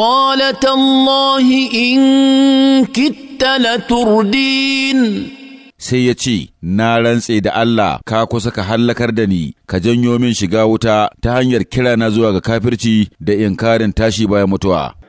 قال تالله إن كدت لتردين sai ya ce, Na rantse da Allah, ka kusa ka hallakar da ni, ka janyo min shiga wuta ta hanyar kirana zuwa ga kafirci da inkarin tashi bayan mutuwa.